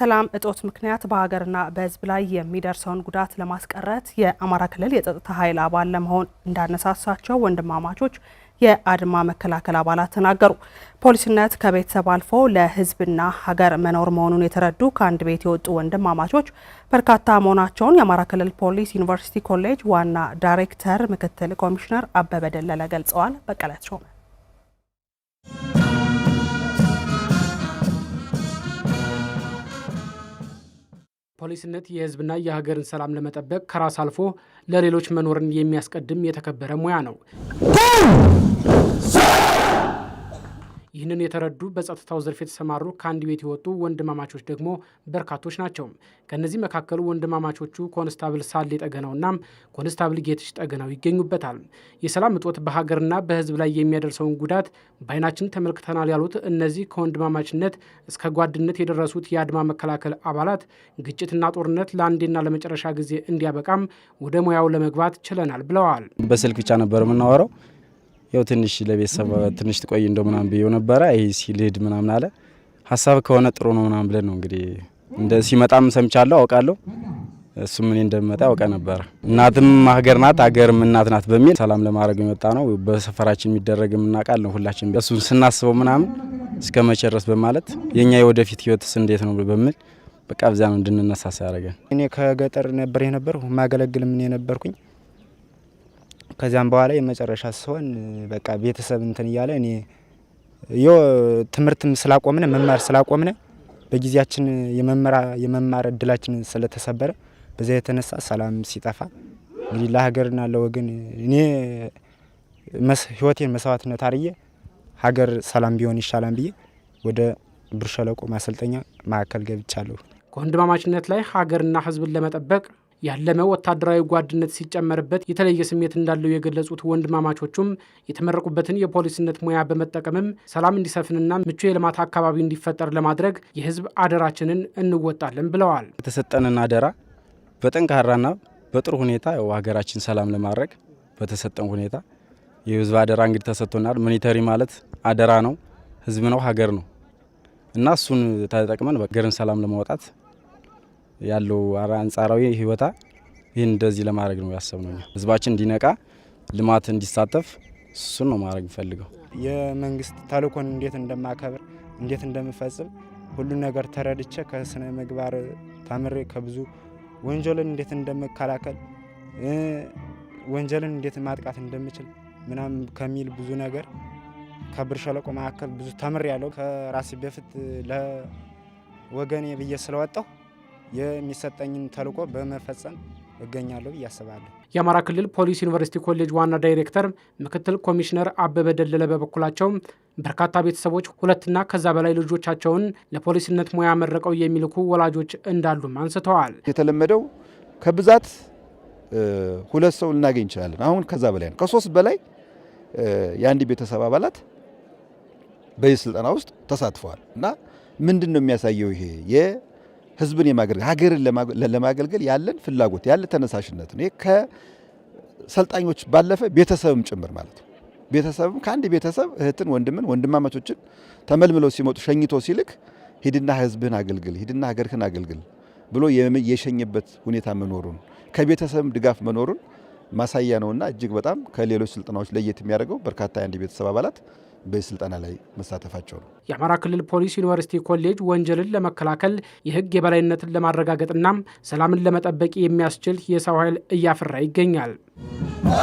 ሰላም እጦት ምክንያት በሀገርና በሕዝብ ላይ የሚደርሰውን ጉዳት ለማስቀረት የአማራ ክልል የጸጥታ ኃይል አባል ለመሆን እንዳነሳሳቸው ወንድማማቾች የአድማ መከላከል አባላት ተናገሩ። ፖሊስነት ከቤተሰብ አልፎ ለሕዝብና ሀገር መኖር መሆኑን የተረዱ ከአንድ ቤት የወጡ ወንድማማቾች በርካታ መሆናቸውን የአማራ ክልል ፖሊስ ዩኒቨርሲቲ ኮሌጅ ዋና ዳይሬክተር ምክትል ኮሚሽነር አበበ ደለለ ገልጸዋል። ሾመ ፖሊስነት የህዝብና የሀገርን ሰላም ለመጠበቅ ከራስ አልፎ ለሌሎች መኖርን የሚያስቀድም የተከበረ ሙያ ነው። ይህንን የተረዱ በጸጥታው ዘርፍ የተሰማሩ ከአንድ ቤት የወጡ ወንድማማቾች ደግሞ በርካቶች ናቸው። ከእነዚህ መካከል ወንድማማቾቹ ኮንስታብል ሳሌ ጠገናውና ኮንስታብል ጌትሽ ጠገናው ይገኙበታል። የሰላም እጦት በሀገርና በህዝብ ላይ የሚያደርሰውን ጉዳት በአይናችን ተመልክተናል ያሉት እነዚህ ከወንድማማችነት እስከ ጓድነት የደረሱት የአድማ መከላከል አባላት ግጭትና ጦርነት ለአንዴና ለመጨረሻ ጊዜ እንዲያበቃም ወደ ሙያው ለመግባት ችለናል ብለዋል። በስልክ ብቻ ነበር የምናወራው ያው ትንሽ ለቤተሰብ ትንሽ ትቆይ እንደው ምናምን ብዬው ነበረ። ይህ ሲልሄድ ምናምን አለ ሀሳብ ከሆነ ጥሩ ነው ምናምን ብለን ነው እንግዲህ እንደ ሲመጣም ሰምቻለሁ አውቃለሁ። እሱም እኔ እንደምመጣ ያውቀ ነበረ። እናትም ሀገር ናት ሀገርም እናት ናት በሚል ሰላም ለማድረግ የመጣ ነው። በሰፈራችን የሚደረግ የምናውቃል ሁላችን እሱን ስናስበው ምናምን እስከ መቼ ድረስ በማለት የኛ የወደፊት ህይወትስ እንዴት ነው በሚል በቃ ብዚያ ነው እንድንነሳሳ ያደረገን። እኔ ከገጠር ነበር የነበርኩ ማገለግልም እኔ ነበርኩኝ ከዚያም በኋላ የመጨረሻ ሲሆን በቃ ቤተሰብ እንትን እያለ እኔ ዮ ትምህርትም ስላቆምነ መማር ስላቆምነ በጊዜያችን የመማር እድላችን ስለተሰበረ በዚያ የተነሳ ሰላም ሲጠፋ እንግዲህ ለሀገርና ለወገን እኔ ህይወቴን መስዋዕትነት አርዬ ሀገር ሰላም ቢሆን ይሻላል ብዬ ወደ ብር ሸለቆ ማሰልጠኛ ማዕከል ገብቻለሁ። ከወንድማማችነት ላይ ሀገርና ህዝብን ለመጠበቅ ያለመ ወታደራዊ ጓድነት ሲጨመርበት የተለየ ስሜት እንዳለው የገለጹት ወንድማማቾቹም የተመረቁበትን የፖሊስነት ሙያ በመጠቀምም ሰላም እንዲሰፍንና ምቹ የልማት አካባቢ እንዲፈጠር ለማድረግ የህዝብ አደራችንን እንወጣለን ብለዋል። የተሰጠንን አደራ በጠንካራና በጥሩ ሁኔታ ሀገራችን ሰላም ለማድረግ በተሰጠን ሁኔታ የህዝብ አደራ እንግዲህ ተሰጥቶናል። ሚሊተሪ ማለት አደራ ነው፣ ህዝብ ነው፣ ሀገር ነው እና እሱን ተጠቅመን ሀገርን ሰላም ለማውጣት ያለው አንጻራዊ ህይወታ ይህን እንደዚህ ለማድረግ ነው ያሰብነው። ህዝባችን እንዲነቃ፣ ልማት እንዲሳተፍ እሱን ነው ማድረግ ፈልገው። የመንግስት ተልእኮን እንዴት እንደማከብር እንዴት እንደምፈጽም ሁሉን ነገር ተረድቼ ከስነ ምግባር ተምሬ ከብዙ ወንጀልን እንዴት እንደምከላከል ወንጀልን እንዴት ማጥቃት እንደምችል ምናምን ከሚል ብዙ ነገር ከብር ሸለቆ መካከል ብዙ ተምሬ ያለው ከራሴ በፊት ለወገኔ ብዬ ስለወጣሁ የሚሰጠኝን ተልቆ በመፈጸም እገኛለሁ ብዬ አስባለሁ። የአማራ ክልል ፖሊስ ዩኒቨርሲቲ ኮሌጅ ዋና ዳይሬክተር ምክትል ኮሚሽነር አበበ ደለለ በበኩላቸው በርካታ ቤተሰቦች ሁለትና ከዛ በላይ ልጆቻቸውን ለፖሊስነት ሙያ መርቀው የሚልኩ ወላጆች እንዳሉም አንስተዋል። የተለመደው ከብዛት ሁለት ሰው ልናገኝ እንችላለን። አሁን ከዛ በላይ ነው። ከሶስት በላይ የአንድ ቤተሰብ አባላት በዚህ ስልጠና ውስጥ ተሳትፈዋል እና ምንድን ነው የሚያሳየው ይሄ ህዝብን የማገልገል ሀገርን ለማገልገል ያለን ፍላጎት ያለን ተነሳሽነት ነው። ይሄ ከሰልጣኞች ባለፈ ቤተሰብም ጭምር ማለት ነው። ቤተሰብም ከአንድ ቤተሰብ እህትን፣ ወንድምን፣ ወንድማማቾችን ተመልምለው ሲመጡ ሸኝቶ ሲልክ ሂድና ህዝብን አገልግል፣ ሂድና ሀገርህን አገልግል ብሎ የሸኘበት ሁኔታ መኖሩን ከቤተሰብም ድጋፍ መኖሩን ማሳያ ነውና እጅግ በጣም ከሌሎች ስልጠናዎች ለየት የሚያደርገው በርካታ የአንድ ቤተሰብ አባላት በስልጠና ላይ መሳተፋቸው ነው። የአማራ ክልል ፖሊስ ዩኒቨርሲቲ ኮሌጅ ወንጀልን ለመከላከል የህግ የበላይነትን ለማረጋገጥና ሰላምን ለመጠበቅ የሚያስችል የሰው ኃይል እያፈራ ይገኛል።